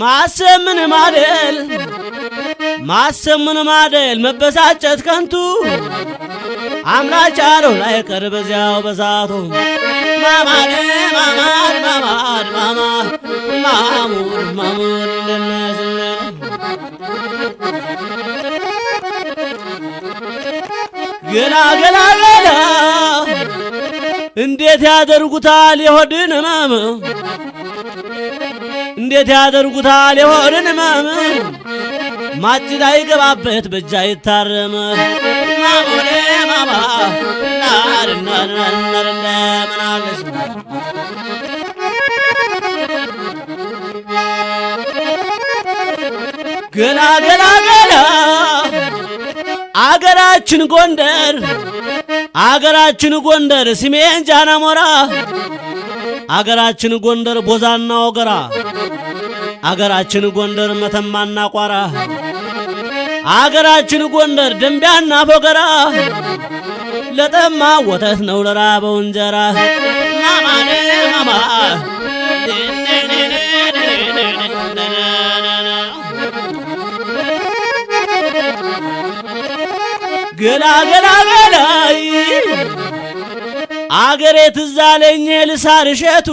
ማሰብ ምን ማደል ማሰብ ምን ማደል መበሳጨት ከንቱ አምላጭ አለው ላይ ቀር በዚያው በዛቶ ማማድ ማማድ ማማድ ማማ ማሙድ ማሙድ ለነዝለ ገላ ገላ ገላ እንዴት ያደርጉታል የሆድን ህመም እንዴት ያደርጉታል የሆድን ህመም ማጭድ አይገባበት በእጅ አይታረም ማሙኔ ማማ ናርናርናርናርናምናለስ ገላ ገላ ገላ አገራችን ጎንደር አገራችን ጎንደር ስሜን ጃናሞራ አገራችን ጎንደር ቦዛና ወገራ፣ አገራችን ጎንደር መተማና ቋራ፣ አገራችን ጎንደር ደንቢያና ፎገራ፣ ለጠማ ወተት ነው ለራበው እንጀራ። ገላ ገላ ገላይ አገሬ ትዝ አለኝ ልሳን እሸቱ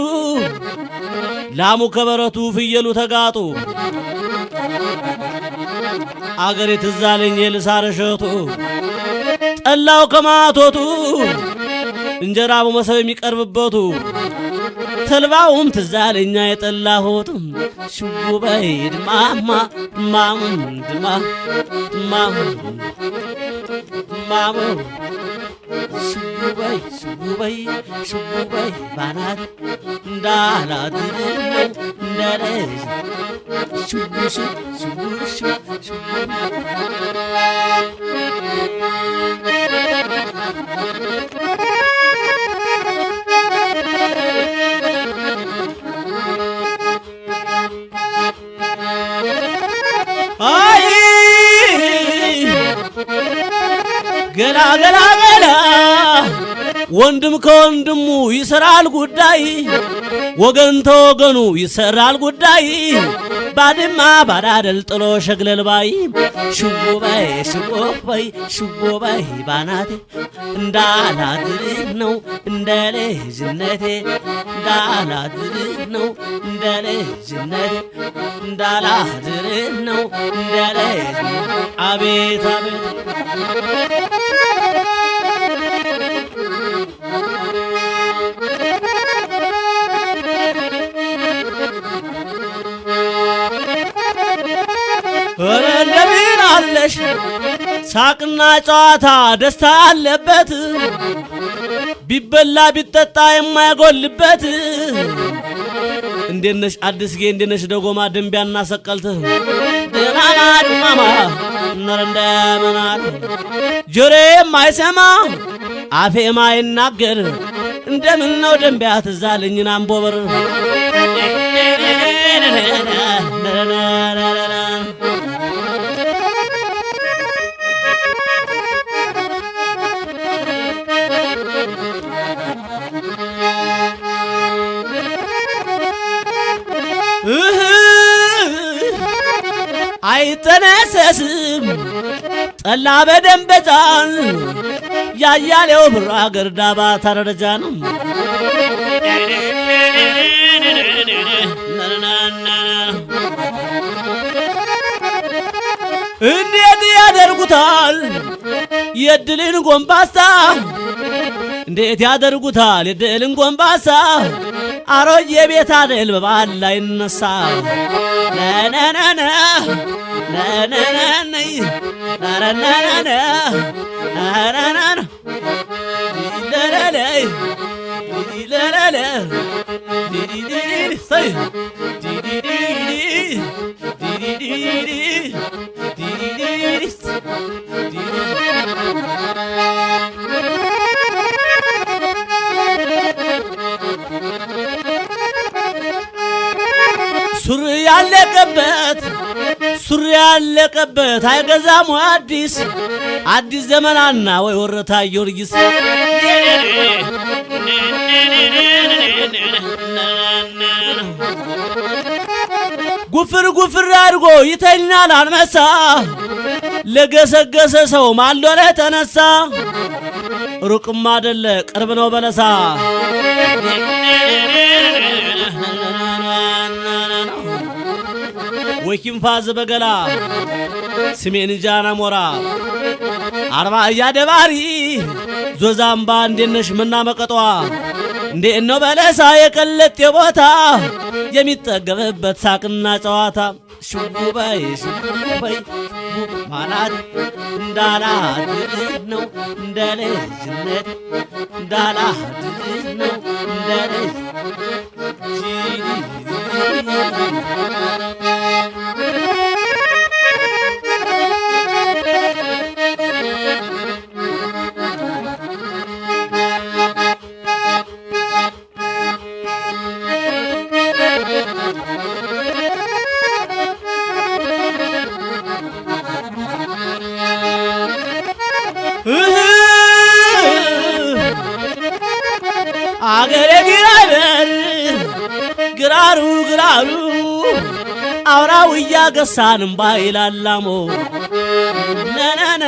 ላሙ ከበረቱ ፍየሉ ተጋጡ አገሬ ትዝ አለኝ ልሳን እሸቱ ጠላው ከማቶቱ እንጀራው መሰብ የሚቀርብበቱ ተልባውም ትዝ አለኝ የጠላሁትም ሽቡ በይ ማማ ማሙ ድማ ማሙ ማሙ Sumubai, sumubai, sumubai, banat, dara, dirino, nares, sumushu, sumushu, sumushu. ወንድም ከወንድሙ ይሰራል ጉዳይ፣ ወገን ተወገኑ ይሰራል ጉዳይ። ባድማ ባዳደል ጥሎ ሸግለል ባይ ሽቦ ባይ ሽቦ ባይ ሽቦ ባይ ባናቴ እንዳላድርህ ነው እንደ ልጅነቴ እንዳላድርህ ነው እንደ ልጅነቴ እንዳላድርህ ነው እንደ ልጅ አቤት አቤት ነሽ ሳቅና ጨዋታ ደስታ አለበት ቢበላ ቢጠጣ የማይጎልበት እንዴት ነሽ ጌ? እንዴት ነሽ ደጎማ ደንቢያና ሰቀልትህ ደማማ ድማማ ነረንዳመናል ጆሬ የማይሰማ አፌ የማይናገር እንደምን ነው ደንቢያ ትዛለኝን አንቦበር ይድረስም ጠላ በደንበጫን ያያሌው አገር ዳባ ታረረጃን እንዴት ያደርጉታል የድልን ጎንባሳ እንዴት ያደርጉታል የድልን ጎንባሳ አሮጌ ቤት አደል በበዓል ላይ ይነሳ ነነነነ ነነነነ ይለለለይ ይለለለ አለቀበት ሱሪ አለቀበት አይገዛም አዲስ አዲስ ዘመናና ወይ ወረታ ጊዮርጊስ ጉፍር ጉፍር አድርጎ ይተኛል አንበሳ ለገሰገሰ ሰው ማልዶለ ተነሳ ሩቅም አደለ ቅርብ ነው በለሳ ወኪንፋዝ በገላ ስሜን ጃና ሞራ አርባ እያደባሪ ዞዛምባ እንዴነሽ ምና መቀጧ እንዴ ነው በለሳ የቀለጥ የቦታ የሚጠገብበት ሳቅና ጨዋታ ሽጉባይ ሽጉባይ ማናት እንዳላት ነው እንደ ልጅነት እንዳላት ነው እንደ ልጅ አገሬ ግራበር ግራሩ ግራሩ አውራው እያገሳንም ባይላላሞ ነነነ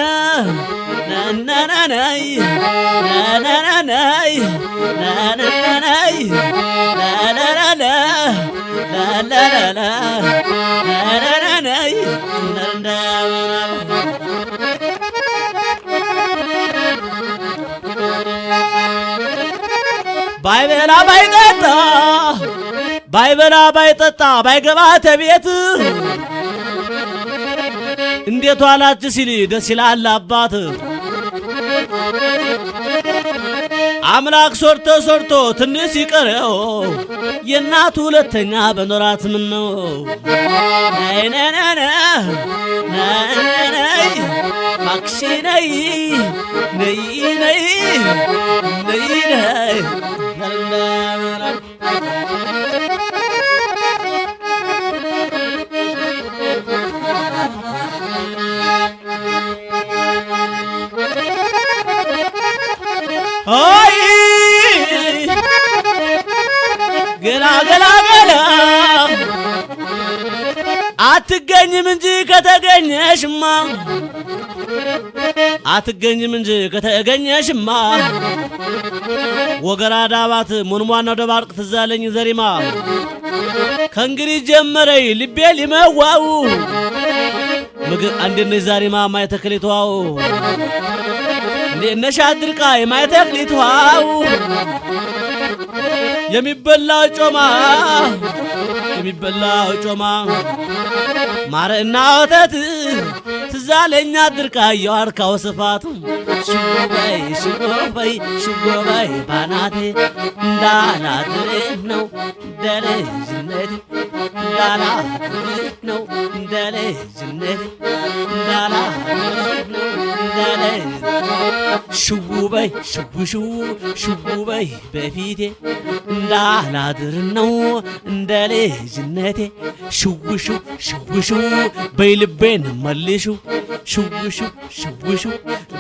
ባይበላ ባይጠጣ ባይበላ ባይጠጣ ባይገባ ተቤት እንዴት ዋላች ሲል ደስ ይላል አባት አምላክ ሶርቶ ሶርቶ ትንሽ ይቀረው የእናቱ ሁለተኛ በኖራት ምን ነው ነነነ ነይ ማክሺ ነይ ነይ ነይ ነይ ነይ ገላ ገላ ገላ አትገኝም እንጂ ከተገኘሽማ አትገኝም እንጂ ከተገኘሽማ ወገራዳ አባት ሞንሟናው ደባርቅ ትዛለኝ ዘሪማ ከእንግዲህ ጀመረይ ልቤ ሊመዋው ምግብ አንድነሽ ዛሪማ ማየተክሊቷው እንዴነሽ አድርቃ የማየተክሊቷው የሚበላ ጮማ የሚበላ ጮማ ማርና ወተት ትዛለኛ ድርቃየው አርካው ስፋቱ ሽጎበይ ሽጎበይ ሽጎበይ ባናቴ እንዳላትር ነው እንደልጅነት እንዳላትር ነው እንደልጅነት እንዳላትር ነው ሽውበይ ሽውሽው ሽውበይ በፊቴ እንዳላድር ነው እንደ ልጅነቴ ሽውሽው መልሹ በይልቤን መልሽው ሽውሽው ሽውሽው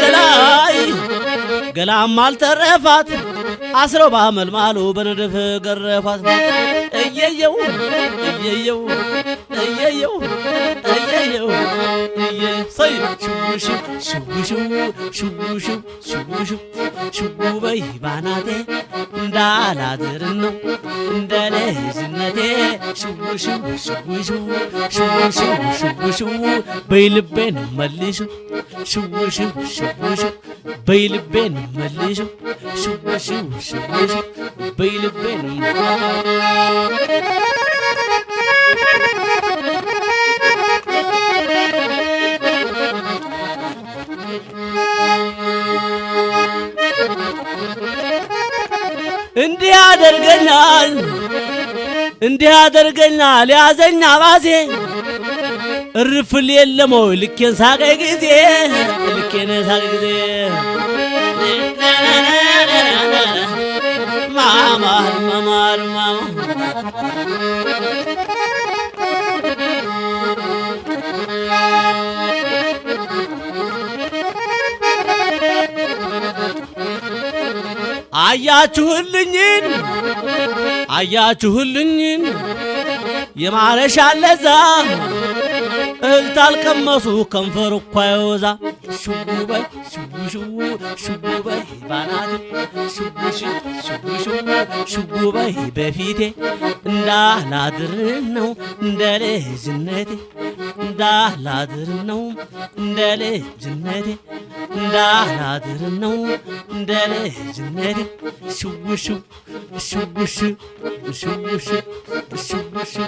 ገላይ ገላም አልተረፋት አስረው ባመልማሉ በንድፍ ገረፏት። እየየው እየየው እየየው እየየው እየሰይ ሽውሽው ሽውሽው ሽውሽው ሽውሽው ሽው በይ ባናቴ እንዳላድርን ነው እንደ ልጅነቴ ሽውሽው ሽውሽው ሽውሽው ሽውሽው በይ ልቤን መልሽው ሽውሽው ሽውሽው በይልቤን መልሽው እንዲህ ያደርገኛል እንዲህ ያደርገኛል ያዘኛ ባሴ እርፍል የለም ወይ ልኬን ሳቀ ጊዜ ልኬን ሳቀ ጊዜ ማማር ማማር አያችሁልኝን አያችሁልኝን የማረሻ ለዛ እህል ታልቀመሱ ከንፈር እኳ የወዛ ሽው በይ ሽው ባናት ሽው ሽው በፊቴ እንዳላድር ነው እንደ ልጅነቴ እንዳላድር ነው እንደ ልጅነቴ እንዳላድር ነው እንደ ልጅነቴ ሽው ሽው ሽው ሽው